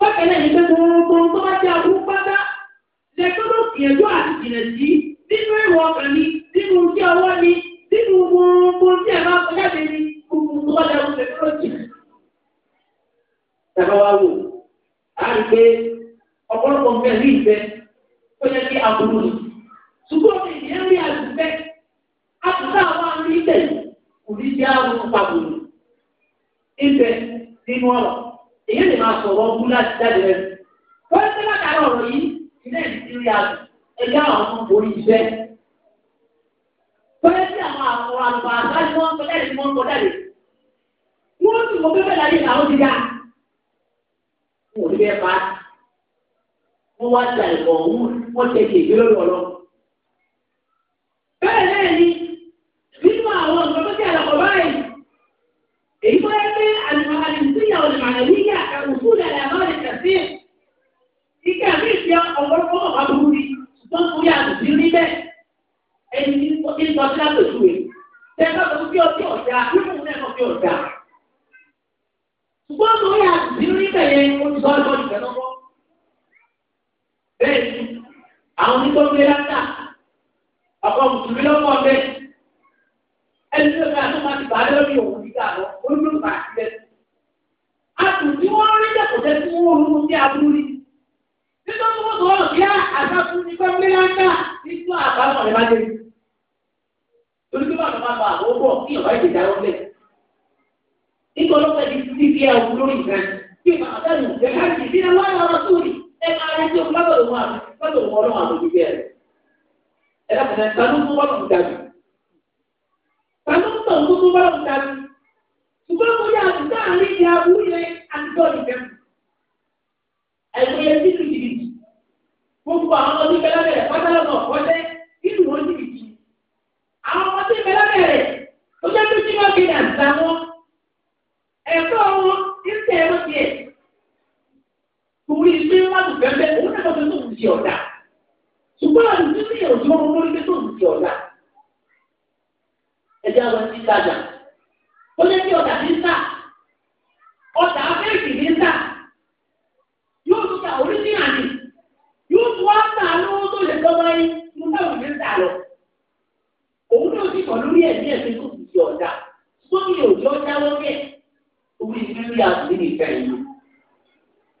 S1: bákan náà ní pé gbogbo tó bá jẹ́ àbúrú pátá lẹ́tọ́dọ̀ gbìyànjú àti jìnà sí nínú ìwọ ọkàn ni nínú tí ọwọ́ ni nínú gbogbo tí ẹ̀ máa kọjá dé ni gbogbo tó bá jẹ́ àbúrú tẹ̀kọ́lọ́jì. Tàbá wa wò á rí pé ọ̀pọ̀lọpọ̀ nǹkan ní ìfẹ́ ó yẹ kí aburú ni. Ṣùgbọ́n mi ìyẹn rí àtúfẹ́ àtúntà àwọn àmì ìtẹ̀ kò ní jẹ́ àwọn pàbùrù. Ìfẹ́ nínú ọ̀rọ̀ èyí lè máa sọ̀rọ̀ ọkú láti jáde rẹ̀. wọ́n ti bá dáná ọ̀rọ̀ yìí ilé ìdílé àgbẹ̀ ẹgbẹ́ àwọn ọmọ orí ìfẹ́. wọ́n ti àwọn àwọn àgbà àgbájú wọn kọjá lè wọ́n kọjá lè. wọ́n ti mọ pépé láyé àwọn ti dá. wọn ò ní bẹ́ẹ̀ pa. wọ́n wá ti àìmọ̀ ọ̀hún wọ́n ti ẹ̀kẹ́ ìgbélórí ọ̀lọ́. bẹ́ẹ̀ náà nínú àwọn ọ̀gbọ́n tó ti àlọ́ kúrò àlàmọ́ rẹ̀ kàfí ìkà àmì ìfẹ́ ọ̀pọ̀lọpọ̀ ọ̀pá burú ni ṣùgbọ́n torí àbùdí rí bẹ́ẹ̀ ẹni ní ìtọ́ sí àpèjú rẹ̀ tẹ́lá tó fi ọtí ọ̀dà nínú náà fi ọ̀dà ṣùgbọ́n torí àbùdí rí bẹ́ẹ̀ oníṣọ́ ọ̀dọ́ ìfẹ́ lọ́wọ́ bẹ́ẹ̀ ni àwọn onítọ́gbé látà ọ̀pọ̀ mùsùlùmí lọ́wọ́ bẹ́ẹ̀
S2: ẹni tó ń bá tó máa ti bàá lórí
S1: òun nígbà lọ ó ní àtùn tí wọ́n rí dẹ̀kọ̀ jẹ́ tí wọ́n rún sí abúlé. nítorí wọ́n sọ̀rọ̀ kí àgbàkùn ní pẹ́ mílíọ̀nù nínú àbámọ̀ rẹ̀ bá dé. torí pé bàbá máa bá àwọn bọ̀ kí ọ̀bá ìdè dá wọn bẹ̀. nígbà ọlọ́pàá ti ti fi ẹ̀wù lórí ìgbà kí màá bẹ̀rù ẹ̀ ká sì sí ẹ̀wọ́n ọ̀rọ̀ sórí ẹ̀ máa rí tó lábẹ̀rù wọn àbẹ̀rù wọn ọlọ́wọ́ àbẹ̀rù bẹ̀rẹ̀. ẹ̀ ṣùgbọ́n mo yà láàrin ìyá àbúrò yẹn àtijọ́ ìfẹ́ mu. ẹ̀gbọ́n yẹn ti lu jìbìtì gbogbo àwọn ọmọdé bẹ́lá bẹ̀rẹ̀ pátálọ́ náà kọ́jẹ́ nínú wọn jìbìtì. àwọn ọmọdé bẹ́lá bẹ̀rẹ̀ tó jẹ́ tó jímọ̀ kí ni àgbà wọn ẹ̀kọ́ wọn ń tẹ̀ ẹ́ lọ́sí ẹ̀. torí ilé wọn ti fẹ́ bẹ́ẹ̀ òun náà tó ti ọ̀dà ṣùgbọ́n àdúgbò yẹn ò ó lé ní ọjà ní sà ọjà abẹ́ẹ̀kì ní sà yóò tún ta oríṣìí àná yóò tún wá sà lówó tó lè lọ́wọ́ yín mo náà ní sà lọ òun náà ti kọ̀ lórí ẹ̀ ní ẹ̀sìn tó sí ọjà sómi òjò ọjà lọ́kẹ̀ orí ìrírí àbúrí nìkan yìí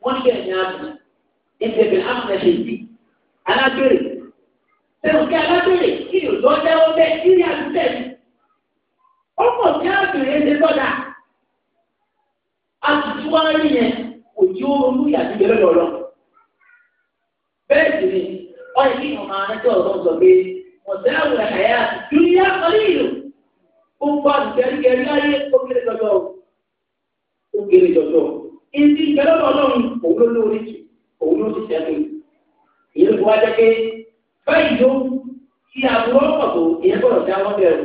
S1: wọ́n ní bẹ́ẹ̀ àbúrí ẹgbẹ́ bẹ́ẹ̀ ẹ̀ṣẹ̀ sí alágbèrè tẹ̀wọ̀n kí alágbèrè kí òjò ọjà lọ́kẹ̀ kí ni àdúgbò ọkọ̀ ní àgbèrè ẹ̀dẹ́ sọ́dà àtútù wá yẹn kò yí oorun yàtí bẹ̀rẹ̀ lọ́lọ́ bẹ́ẹ̀ sì ni ọyẹ kí ọmọ anájọ́ ọ̀rọ̀ sọ pé ọ̀sẹ̀ àwòrán àyà dúníyà kọ́lé ìlú gbogbo àtúntẹ̀ríkẹ̀rí láyé ó kéré jọjọ ó kéré jọjọ ìdí ìbẹ̀rẹ̀ lọ́lọ́run òun ló lórí òun ló ti sẹ́nu ìyẹn ló wá pé báyìí ló ti àbúrò ọ̀pọ̀ tó ìyẹn bọ̀rọ̀ dáwọ́ bẹ̀rù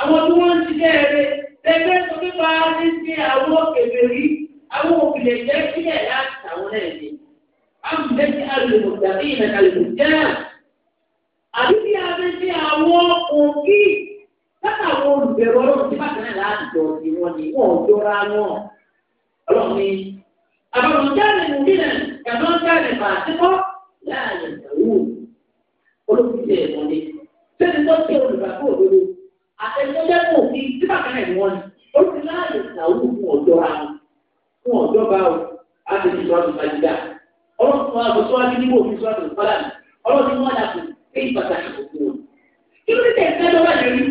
S1: àwọn tí wọ́n ń ṣiṣẹ́ rẹ̀ bẹ́ẹ̀ tó fi bá ní sí àwọn òkèèrè rí àwọn òkèèrè jẹ́ sílẹ̀ láti àwọn náà ní. àwọn ìdẹ́sí alùpùpù àbí ìlànà alùpùpù jẹ́ àbí bí a fi ṣe àwọn òkì látàwọn olùbẹ̀rù ọlọ́run tí bàtà náà láti jọ sí wọn ni wọn ò jọra wọn. ọlọ́run ni àbàwọn jáde nù nílẹ̀ yàtọ̀ jáde fàásìkọ́ láàyè ìdàwó olókùnrin ẹ̀ wọlé sẹ́ni tó ṣe olùbàbọ̀ òdodo àtẹnudẹ́ kò fi síbàkan ẹ̀ wọ́n ni ó ti láàyè ìsàwù fún ọ̀dọ́ ra wọn fún ọ̀dọ́ bá o láti fi sọ́ọ̀tù fàdídà ọlọ́run wa kò sọ́ọ̀tù níbo fi sọ́ọ̀tù fàdà ọlọ́run wọn dà kù èyí pàtàkì kòkó wọn. kí ló dé ìtẹ́jọ́ bá yẹ rí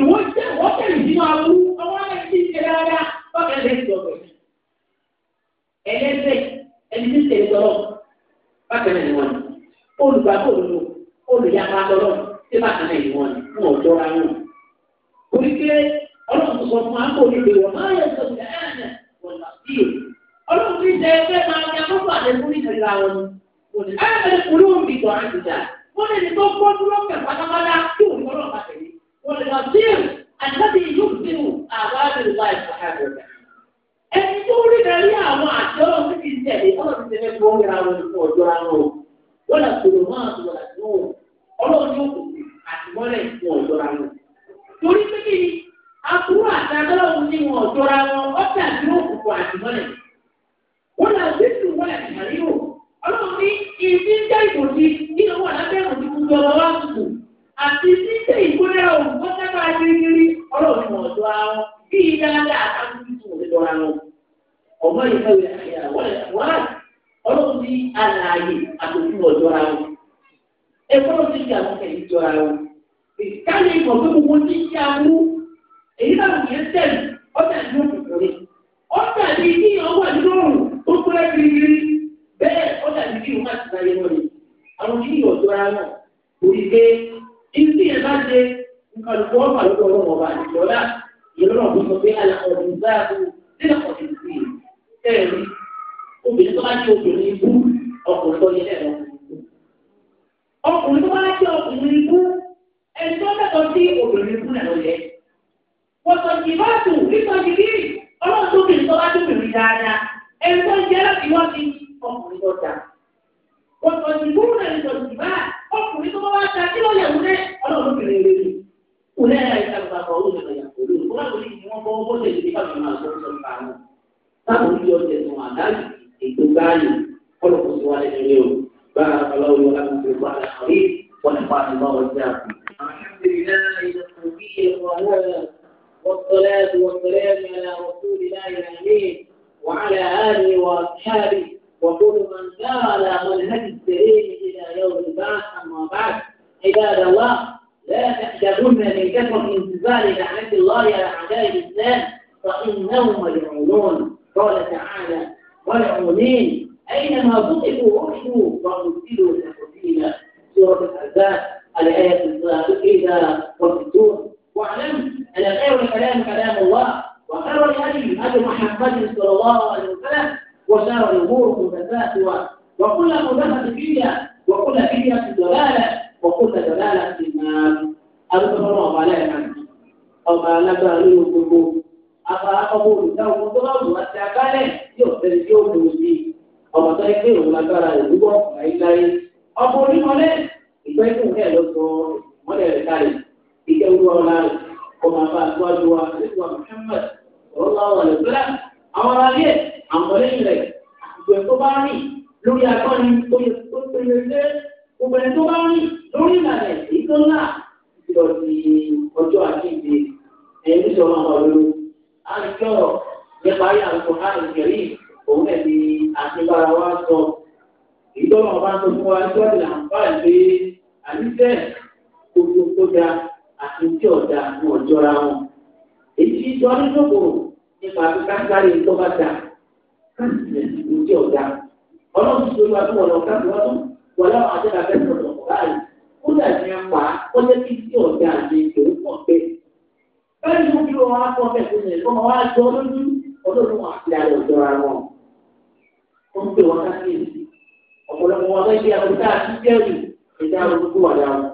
S1: ìwọ jẹ́ ìwọ tẹ̀lé sínú abú ọwọ́ ẹ̀ ti ṣe dáadáa bákan lè sọ ọ̀rọ̀ ẹlẹ́sẹ̀ ẹni tí tẹ̀lé tọ́lọ́ bákan náà ni wọ́n olùgbàgbọ́ òdodo olùyàpá tọ́lọ́ tí bákan náà ni wọ́n ni wọn ò jọra wọn. orí pé ọlọ́run sọ fún akó níbi wọn máa yẹ sọ fún ẹ̀ẹ́nẹ̀ wọn là sí i. ọlọ́run ti jẹ ẹgbẹ́ máa ní akókò àdéhùn ìtẹ̀lá wọn ni. kò ní ẹ̀ẹ́dẹ̀ kúrò ń bì tọ́ àti jà. wọ́n lè ní tó gbọ́ dúró pẹ̀ pátápátá kí òun kọ́lọ́ bá tẹ̀lé. wọ́n lè lọ sí i àtàbí yóò fi hù àwọn àbẹ̀rẹ̀ wáyé ẹni tó rí darí àwọn àjọ ọ̀hún ti tẹ̀lé ọlọ́run ti tẹ̀lé fún ọ̀gá wọn fún ọjọ́ àwọn òun wọ́n lọ sọ̀rọ̀ máa tó wà lóhùn ọlọ́run yóò kù àtìmọ́lẹ̀ fún ọ̀dọ́ra wọn. torí pé kí ni aburú àtàdọ́lọ́wọ́ ní wọn ọ̀dọ́ra wọn ọ̀tẹ̀ àti òkùnkùn àtìmọ́lẹ̀. wọn là sí ìlú wọn àti àríwò ọlọ́run ní ìdí ń jẹ́ nínú wọn lábẹ́ gbogbo tutù àti ọlọ́run ní àlàyé àtòkù wọn. ẹgbẹ́ ti di àwọn kẹ̀yìn jọra o káyọ̀ ìmọ̀ pé gbogbo ti di awú èyí làwọn yẹn tẹ̀lé ọ̀tà ní òkùnkùn ni ọ̀tà ní kí nínú òrùn tó pẹ́rẹ́ kirikiri bẹ́ẹ̀ ọ̀tà ní kí wọ́n ti sáyé wọn àwọn kí ìyọ̀ jọra wọn kò rí pé ibi yẹn bá ṣe nǹkan lùkọ́ ọ̀pá lóko ọba àdìjọ́lá ìyọ́nà ọ̀gbìn sọ tó bá jẹ́ obìnrin ọkùnrin tó bá ń ṣe ọkùnrin ikú ẹni tó tẹ̀tọ́ sí obìnrin ikú náà lọ́yẹ. wọ́tọ̀ jì bá tù nítorí ti bí ọlọ́run tó bìnrin tó bá tó bìnrin dáadáa ẹni tó ń jẹ́ láti wọ́n ti ọkùnrin tó dà. wọ́tọ̀ jì bú náà ní tọ̀jì bá ọkùnrin tó bá wá ta kí lọ́yẹ̀ wúlẹ̀ ọlọ́run bìnrin rẹ̀ ni. wúlẹ̀ ẹ̀ ẹ̀ ṣàgbà kan ó lè yà kúrò kó láwọn ní ìwọ̀n bọ́ bó ṣe ti káwọn máa sọ sọ fáwọn. táwọn orí ọjà tó wà láàyè ètò gáàlì kọ́lọ̀ kó ti wá lẹ́nu بارك الله لكم في القرآن الحبيب ونفعني الله وإياكم الحمد لله التوفيق وهو والصلاة والسلام على رسول الله الأمين وعلى آله وأصحابه وكل من سار على منهج السليم إلى يوم البعث أما بعد عباد الله لا تحسبن من كثرة انتظار لعنة الله على أعداء الإسلام فإنهم ملعونون قال تعالى ملعونين أينما بطئوا أحيوا ومبتلوا تحديدا سورة الأحزاب الآية إذا والستون واعلم أن خير الكلام كلام الله وخير الهدي هدي محمد صلى الله عليه وسلم وشر الأمور متفاتوة وكل مدفة فيها وكل فيها ضلالة وكل ضلالة في النار أتفرغ عليها أو ما نبغي القلوب أقول لو قلوب وأتعبالي يؤثر يوم المسلمين ọmọ tó ẹgbẹ́ òun lágbára ìdúgbò àyíláyé ọmọ onímọ̀lẹ́ ìgbẹ́ tó ń kẹ́ ló sọ mọ́lẹ̀ rẹ̀ kárẹ̀ ìjẹ́ olúwa ọ̀la rẹ̀ ọmọ àbá àtúwájú wa nípa Muhammad ọlọ́wọ́ àlùfẹ́lá àwọn aráyé àwọn ọ̀lẹ́yìn rẹ̀ àgbẹ̀ tó bá rìn lórí akọni tó yẹ tó péye lé gbogbo ẹni tó bá rìn lórí ìlànà ìtọ́lá ìdọ̀tí ọjọ́ àjíǹde ẹ̀yìn tó sọ ọmọ ọ̀lú àjọ nípa ayé àlùkò òun náà ni àtibára wa sọ èyí tó lọ́wọ́ bá ń sọ fún wa tí wọ́n ti là ń bá ìgbé àníṣe gbogbo tó da àti tí ọ̀dà ní ọ̀jọ́ra wọn. èyí tí sọ ní sòkòrò nípa àti káńtárì tó bá da káńtì ní tí ọ̀dà ọlọ́run tó lọ́wọ́ tó wọ̀ lọ káńtì wọ́n tó wọ̀ láwọn àjẹ́ká fẹ́ẹ́ sọ̀rọ̀ báyìí ó dà ní apá ó jẹ́ kí tí ọ̀dà àti ìṣòro pọ̀ bẹ́ẹ̀. bẹ́ẹ̀ ni mo fi wọn wá pọ̀ bẹ́ẹ̀ fún mi ọmọ wa ó ń pè wọn káàkiri ọ̀pọ̀lọpọ̀ wọn fẹ́ẹ́ di àbúrúkà àtijọ́rì ẹ̀dá olùkú wà dáhùn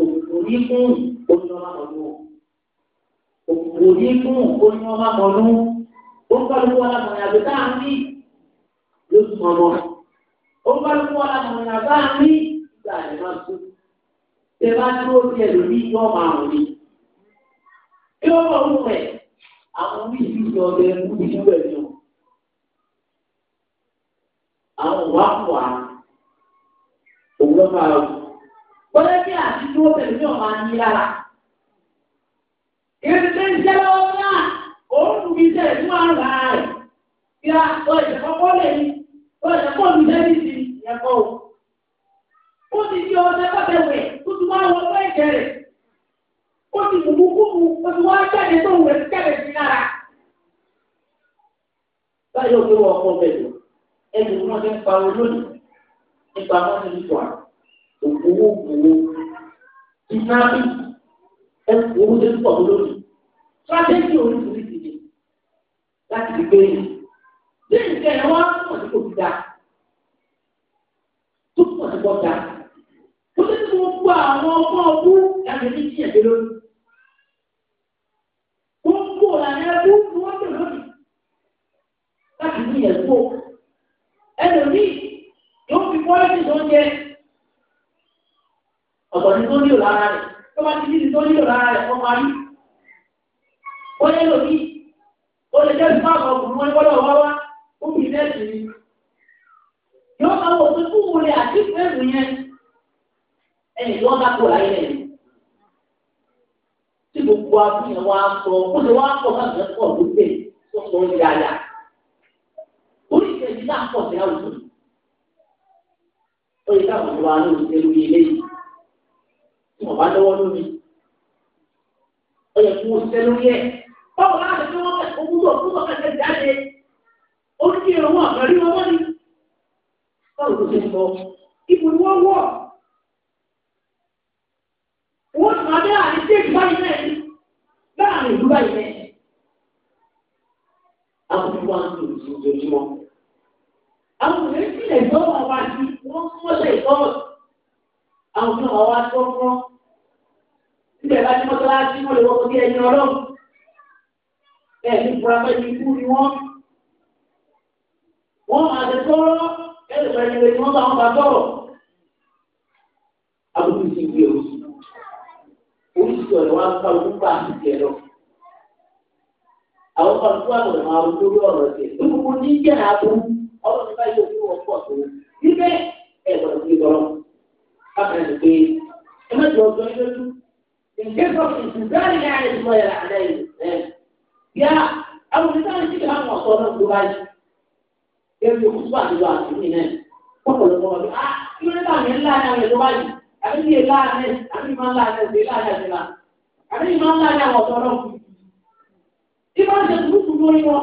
S1: òkùnkùn ní fún oníwọ́n mọ̀nú òkùnkùn ní fún oníwọ́n mọ̀nú ó ń kọ́lu wọn lámọ̀ ìyàgbé táà ń rí yóò tún ọmọ ó ń kọ́lu wọn lámọ̀ ìyàgbé táà ń rí ìgbà rẹ̀ máa kú ṣé bá dúró sí ẹlòmíì yóò máa rùn ní. kí ló wọ̀ ọ́ rẹ̀ àwọn oníṣìí wá fún wa òun ló máa wù. Bọ́lá kí àti tí ní ọ̀ma ní lára. Ìrìnsẹ̀ ń jẹ́ lọ́wọ́ náà, òun kù mí jẹ́ ìlú àrà rẹ̀. Bí a sọ ìjẹ́kọ́kọ́ lè ní, sọ ìjẹ́kọ́ mi lẹ́yìn sí ìyẹ̀kọ́ o. Ó ti di ọdẹ bàbá wẹ̀ tó ti wá wọ ọgbẹ́ rẹ̀. Ó ti bùbú kúbu, ó ti wá jáde tó wẹ̀ jáde sí lára. Báyọ̀ pé wọ́n kọ́ bẹ̀rẹ̀ ẹni tí wọ́n ti ń pa olóyè nípa mọ́tò ìtọ́ òkòwò òkòwò ìsáàbì ẹ̀kọ́ tó ń pọ̀ olóyè strategy oríṣiríṣi ni láti fi gbé yìí lẹ́yìn tí ẹ̀yàn wá túmọ̀ sí kò ti dáa tó túmọ̀ sí kò dáa ó ti tún gbọ́ àwọn ọmọ ọdún láti ní kí ẹ̀dẹ́ lórí kó ń kó lànà ẹ̀kú ni wọ́n tẹ̀ lórí láti ní ẹ̀kú. ẹlòmíì yóò fi pọ́lẹ́tì tó ń jẹ ọ̀tọ̀ ní tó nílò lára rẹ̀ tó bá ti ní tó nílò lára rẹ̀ kọ́ parí. ó yẹ lòmíì ó lè jẹ́ fún àwọn ọkùnrin wọn gbọ́dọ̀ wá wá ó yóò máa pé àti yẹn tí wọ́n bá kó láyé rẹ̀ tí gbogbo abúlé fìlà pọ̀ sí àwùjọ ó yẹ káwọn ìwà ló ń ilé yìí wọ́n bá lọ́wọ́ lórí ó yẹ kí wọ́n tẹ́ lórí ẹ̀ báwo fi wọ́n jáde ó ní kí àgbẹ̀rí wọn wọ́n ni báwo ló ṣe sọ ni wọ́n wọ̀ wọ́n ti máa bẹ́ láàrin ìlú báyìí àwọn obìnrin sì lè gbọ́ wọn wá sí wọ́n mú ọ̀sẹ̀ ìtọ́wọ̀ àwọn obìnrin wọn wá tó kọ́ nígbà bá tí mọ́tàláṣí wọn lè wọ́pọ̀ bí ẹni ọlọ́run ẹ̀ ní ìfura pẹ́ ní ikú ni wọ́n wọ́n máa ti tọ́rọ́ ẹ̀rọ ìfẹ́lẹ́lẹ́ ni wọ́n bá wọn bá tọ̀rọ̀ àbùkù ti gbé o oríṣi ọ̀rọ̀ wa ń ká ogún bá àti tiẹ̀ lọ àwọn kan tó wà lọ́wọ́ àwọn olórí ọ̀rọ̀ tiẹ̀ ọlọ́run ní báyìí òfin wọn pọ̀ tó wípé ẹ gbọ́dọ̀ fi gbọ́rọ̀ bákan ní pé ẹ má jọ ọjọ́ ilé tú ǹjẹ́ sọ́ọ̀tì ìsìnkáàrí ní àyè ìmọ̀ yàrá àná yìí ẹ̀ yá àwọn ìsìnkáàrí ti kà wọ́n sọ náà tó báyìí ebi òkúta àdúrà àti ìnà ọ̀pọ̀lọpọ̀ wọn bí ah kí ló dé bá mi ńlá ní àwọn ìlú báyìí àbí mi ńlá ní àbí mi ńlá ní àbí ńlá ní àbí ńlá àbí mi ńlá ní àwọn ọ̀tọ̀ náà. ìbáraṣẹ́ tuntun lórí wọn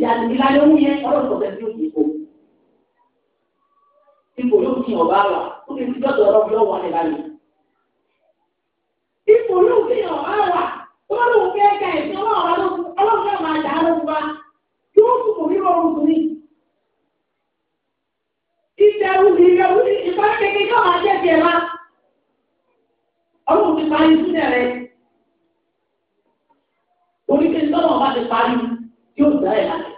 S1: ìlànà ló mú yẹn ọlọ́run tó bẹ̀rẹ̀ yóò dìbò. Ipò yóò fi ọ̀bá wà, ó fi dọ́dọ̀ ọlọ́run lọ́wọ́ ní balẹ̀. Ipò yóò fi ọ̀bá wà, tó bá lóun fẹ́ ká ẹ̀sìn ọlọ́run ọlọ́run náà máa dà á lóun wá, yóò fún kò ní rọrùn fún mi. Ìtẹ̀wù ìrẹ̀wù ìparí kékeré yóò máa jẹ́ tiẹ̀ wá. Ọlọ́run ti parí sílẹ̀ rẹ̀. Oníkèé tọ́lọ̀ bá ti parí yóò dá ẹ̀ láti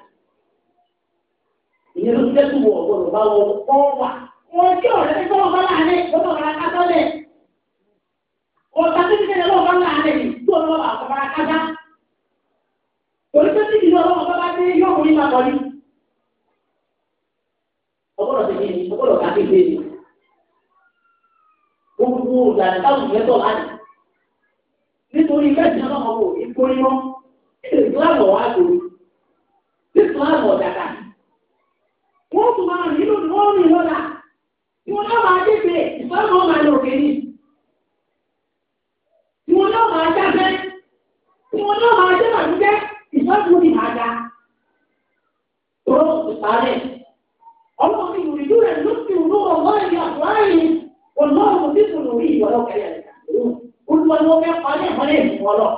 S1: ìyẹn ló jẹ́ tuwọ̀ ọ̀gbọ̀dọ̀ bá wọn kọ́ wà. wọn kí ọ̀rẹ́ ní sọ́wọ́ bá láàárín gbọ́dọ̀ rà kásọ́lẹ̀. ọ̀tá tí kìkẹ́ lọ́wọ́ bá láàárín yìí tó lọ́wọ́ àkọ́bá kásá. torí pé tí kìkẹ́ lọ́wọ́ bá bá dé yọkùnrin bá kọ́lí. ọgbọ́dọ̀ tẹ̀lé ni ọgbọ́dọ̀ ká kéde ni. gbogbo ìlànà táwọn ìyẹn tọ̀ láti. nítorí mẹ́sìn ọlọ́mọ wọ́n tún máa rìn nínú wọ́n rìn lọ́la ìwọ̀n náà máa débè ìfọ́nà ọ̀gá ní òkè ni ìwọ̀n náà máa jáde ìwọ̀n náà máa jẹ́ màdújẹ́ ìfọ́nà ní àga tó ìparẹ́ ọlọ́run ìrìndú rẹ̀ ló ti rú ọ̀gọ́ ẹ̀yà láàyè ọlọ́run tí kò lórí ìwọ́lọ́kẹ́lẹ́ rẹ̀ olúwa ni wọ́n fẹ́ parẹ́ ìmọ́lẹ̀ ìfọ́lọ́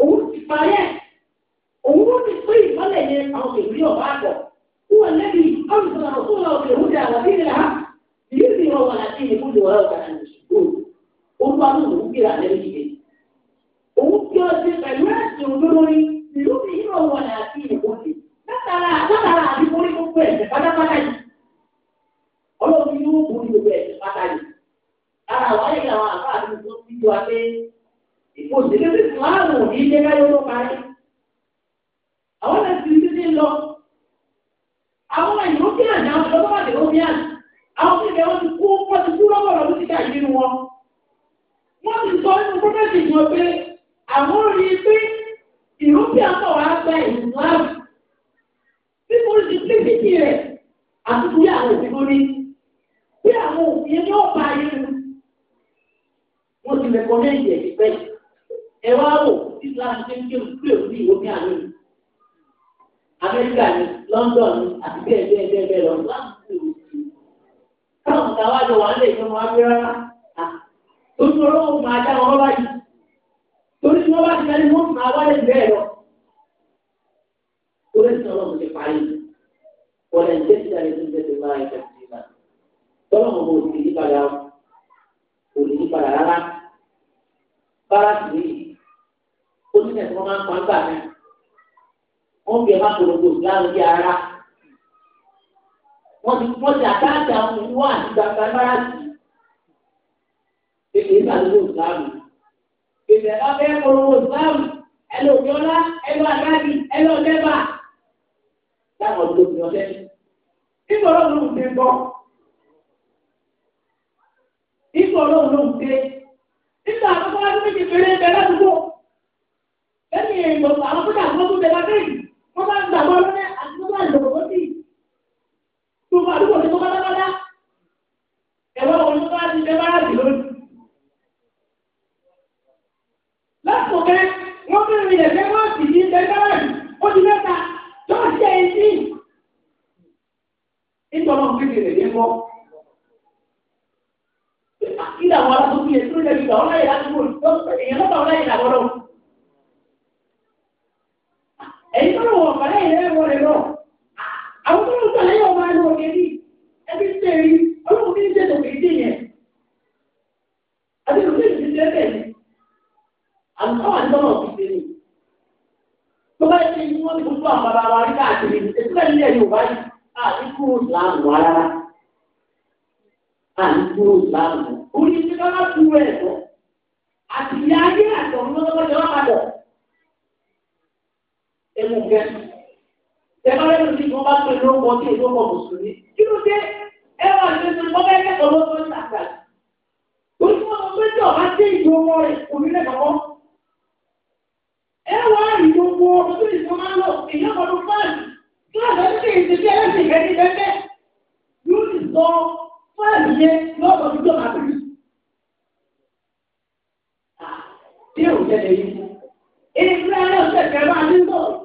S1: òun ti parẹ́ òun ló ti pé ìmọ́lẹ̀ yẹn àwọn kèmí ọ̀bá àgbọ̀. هو الذي أرسل رسوله بالهدى ودين الحق ليظهره على دين كل ولو كان المشركون orúkọ àwọn òwúkẹ́ rà lẹ́yìn ìdè òwúkẹ́ ọtí pẹ̀lú ẹ̀sìn olórí ìlú mi yìí lọ́wọ́ ọ̀nà àti ìwòsì látara látara àdìmọ́lé yóò kú ní gbogbo ẹ̀sẹ̀ pátá yìí àwọn ayẹyẹ àwọn àbá àti ti yọ abẹ́ ìfòsílẹ̀ fífi láàrùn òní ilé káyọ̀ ló parí àwọn ẹ̀sìn ti lọ àwọn ìlú kí àná ọlọ́wọ́ àti romian àwọn tí ìbẹ̀ wọn ti kú wọn ti kú lọ́wọ́ lọ́dún títà yìí nínú wọn. wọ́n ti sọ nínú pọ́tẹ́tì wọn pé àwọn rí i pé ìlú kí àná wà á gba ìsìláàmù bí mo ti pé títì rẹ̀ àtúntò yà àwọn òbí lórí bí àwọn òbí ẹni ó bá yé mu. wọ́n ti lẹ̀kọ́ mẹ́jì ẹ̀mí pẹ́ ẹ wá wò ìsìláàmù ṣe ń kí òkú ìwé ní àná Amẹ́ríkà ni. London àti bẹ́ẹ̀ bẹ́ẹ̀ bẹ́ẹ̀ bẹ́ẹ̀ lọ láti ṣe òkú. Káwọn táwa lọ wà lè fún wa bí rárá. Oṣù olówó máa dá wọn bá yìí. Torí tí wọ́n bá ti fẹ́ ní wọ́n fún wa lè bẹ́ẹ̀ lọ. Torí tí wọ́n ti parí. Wọ́n lè jẹ́ sí àlejò ń tẹ̀sí máa ẹ̀ka sí ìgbà. Tọ́lọ̀ mọ̀ kò sí ìyípadà kò ní ìyípadà rárá. Bára sì ní oníṣẹ́ tí wọ́n máa ń pa ń gbà náà wọ́n fi ẹ̀fà tòlógbò láàrin bí ara. Wọ́n ti wọ́n ti àtàtà wọn àti gbàgbà bára sí. Èdè ìgbà ló ń sáàmù. Èdè ẹ̀fà fẹ́ polówó sáàmù. Ẹlò òjọ́lá, ẹlò àgáàdì, ẹlò ọ̀dẹ́bà. Dáwọn ọdún òbí ọdẹ. Ìgbà ọlọ́run ló ń gbé bọ́. Ìgbà ọlọ́run ló ń gbé. Nígbà àkọ́kọ́ wá sí méjì péré bẹ́ẹ̀ ládùúgbò. Lẹ́yìn ìgbà àwọn tó dà wọ́n tó bẹ lábẹ́ yìí wọ́n bá gbàgbọ́ lọ́dẹ àti tó bá lò ó sí tó bá lò ó sí tó bá dábàdá ẹ̀rọ wọn tó bá ti bẹ́ẹ̀ bá dì lónìí. lásìkò kẹ́ wọ́n bẹ̀rẹ̀ ilẹ̀ fẹ́ wọ́n sì ní bẹ́ẹ̀ bá dì ó ti mẹ́ta tó ṣe é sí. nítorí wọn kéde rẹ̀ ní mọ́. ìdààmú alákòókò yẹn tó lè gbà ọ́ láyé láti wò ó èèyàn lọ́ba ọ́ láyé làwọn lọ́wọ́. Eyi tó wọ̀ ọ̀pàdé yìí lẹ́yìn wọlé lọ. àwọn tó ń sọ̀rọ̀ yóò máa lo òkè ní ẹbí sẹ́yìn olóògùn tí ń ṣe tòkè dé yẹn. àti òkè ìdí ṣe bẹ́ẹ̀ àwọn tó bá ní wọ́n ti gbogbo àwọn àti kúrò láàmú àti kúrò láàmú. orí ti ẹmu gẹ
S2: tẹmọlẹ́nu tí wọ́n bá pè
S1: lóko tí èso pọ̀ mùsùlùmí kí ló dé ẹ wà lóṣù tó wọ́n bẹ́ẹ̀ kẹ́kọ̀ọ́ ló tó ń tàgbà lóṣù wọn lọ pé tí ọba dé ìlú ọmọ rẹ kò ní lẹ́kọ̀ọ́ ẹ wà ìlú ọmọ ojú ìlú máa ń lọ èyí ọmọ ló fáàlì fáàlì ọdún kì í ti fi ẹlẹ́sìn ìfẹ́ ní bẹ́ẹ̀ yóò sì sọ fáàlì yẹn lọ́dọ̀ tó tó máa ah, bì tí ò jẹ́ lẹ́yìn. èyí fúlẹ́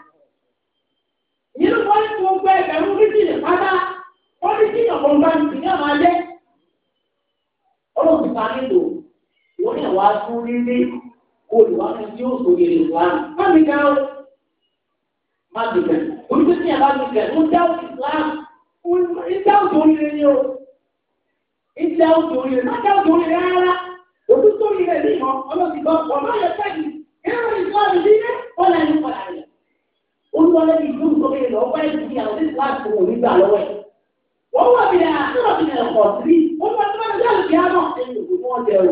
S1: bá ń tún gbẹ ẹgbẹ̀rún rídìnì pátá wọ́n ní kí ọ̀pọ̀ nǹkan ti ní àwọn alẹ́. ọlọ́run ti fa nílò wọ́n ní àwọn asún rírí olùwárí tí ó sọ yẹlẹ wà. má mi ga o má mi gẹ̀ oníṣẹ́ tí yàrá mi gẹ̀ ń dáwọ́ Islam ń dáwọ́ tó yẹ ni o ń dáwọ́ tó yẹ má dáwọ́ tó yẹ rárá òtútù yẹ ni ọlọ́run ti gbọ́ ọ̀nà olùwọlé ti dùn tó kéde lọ wáyé ti àwọn tí láti wò nígbà lọ́wọ́ ẹ̀. wọ́n wà bí i àtúrọ̀ bí i ẹ̀kọ́ sí olùwà tó bá ti dáhùn kí á náà ṣe ní òkú wọn jẹ o.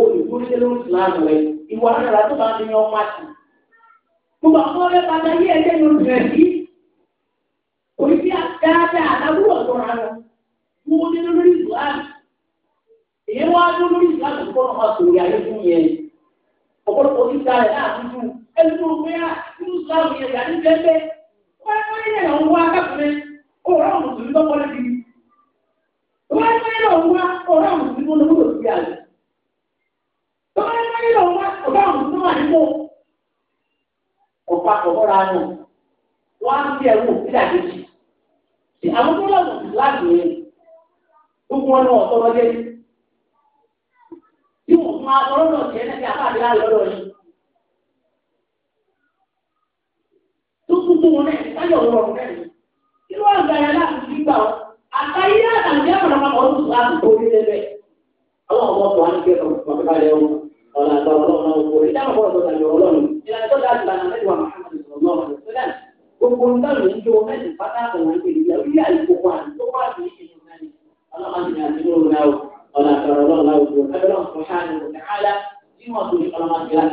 S1: olùkú ní ló ń sìláàmù rẹ ìwà rẹ̀ tó bá ní ọmọ àti. gbogbo àwọn ọmọ rẹ padà yí ẹgbẹ́ ní oṣù rẹ̀ sí. kò ní sí dáadáa àtàbúrò tó ra lọ. mo ní lórí ìsìláàmù. èyí wá lórí ìsìláàmù kó ọmọ sòrí ayé fún yẹn. ọ̀pọ̀lọpọ̀ ẹnu mẹ́à nínú ìsìláàmù yẹn yà ní ebe wọ́n wọ́n yẹn gafere wá káfíńẹ́ ọ̀rọ̀ àwọn mùsùlùmí tó kọ́ lẹ́bi wọ́n wọ́n yẹn lọ wá ọ̀rọ̀ àwọn mùsùlùmí tó tún fún wọn lẹ́yìn táyọ̀ ń rọrùn lẹ́yìn. kí ló wà gbàyà láti fi gbà ọ́ àtàyé àtàyé àpàlàpàpà ó tún láti kó ní lẹ́lẹ́. àwọn ọmọ ọkọ̀ wọn ti kẹ́ ọ̀pọ̀ pípa rẹ̀ wọn ọ̀nà àgbà ọlọ́run náà wò ìjà àpapọ̀ ọ̀dọ̀ tàbí ọlọ́run ìlànà tó dáa ìlànà mẹ́rin wà máa gbogbo ń dáhùn ní jọ mẹ́rin pátá àtàwọn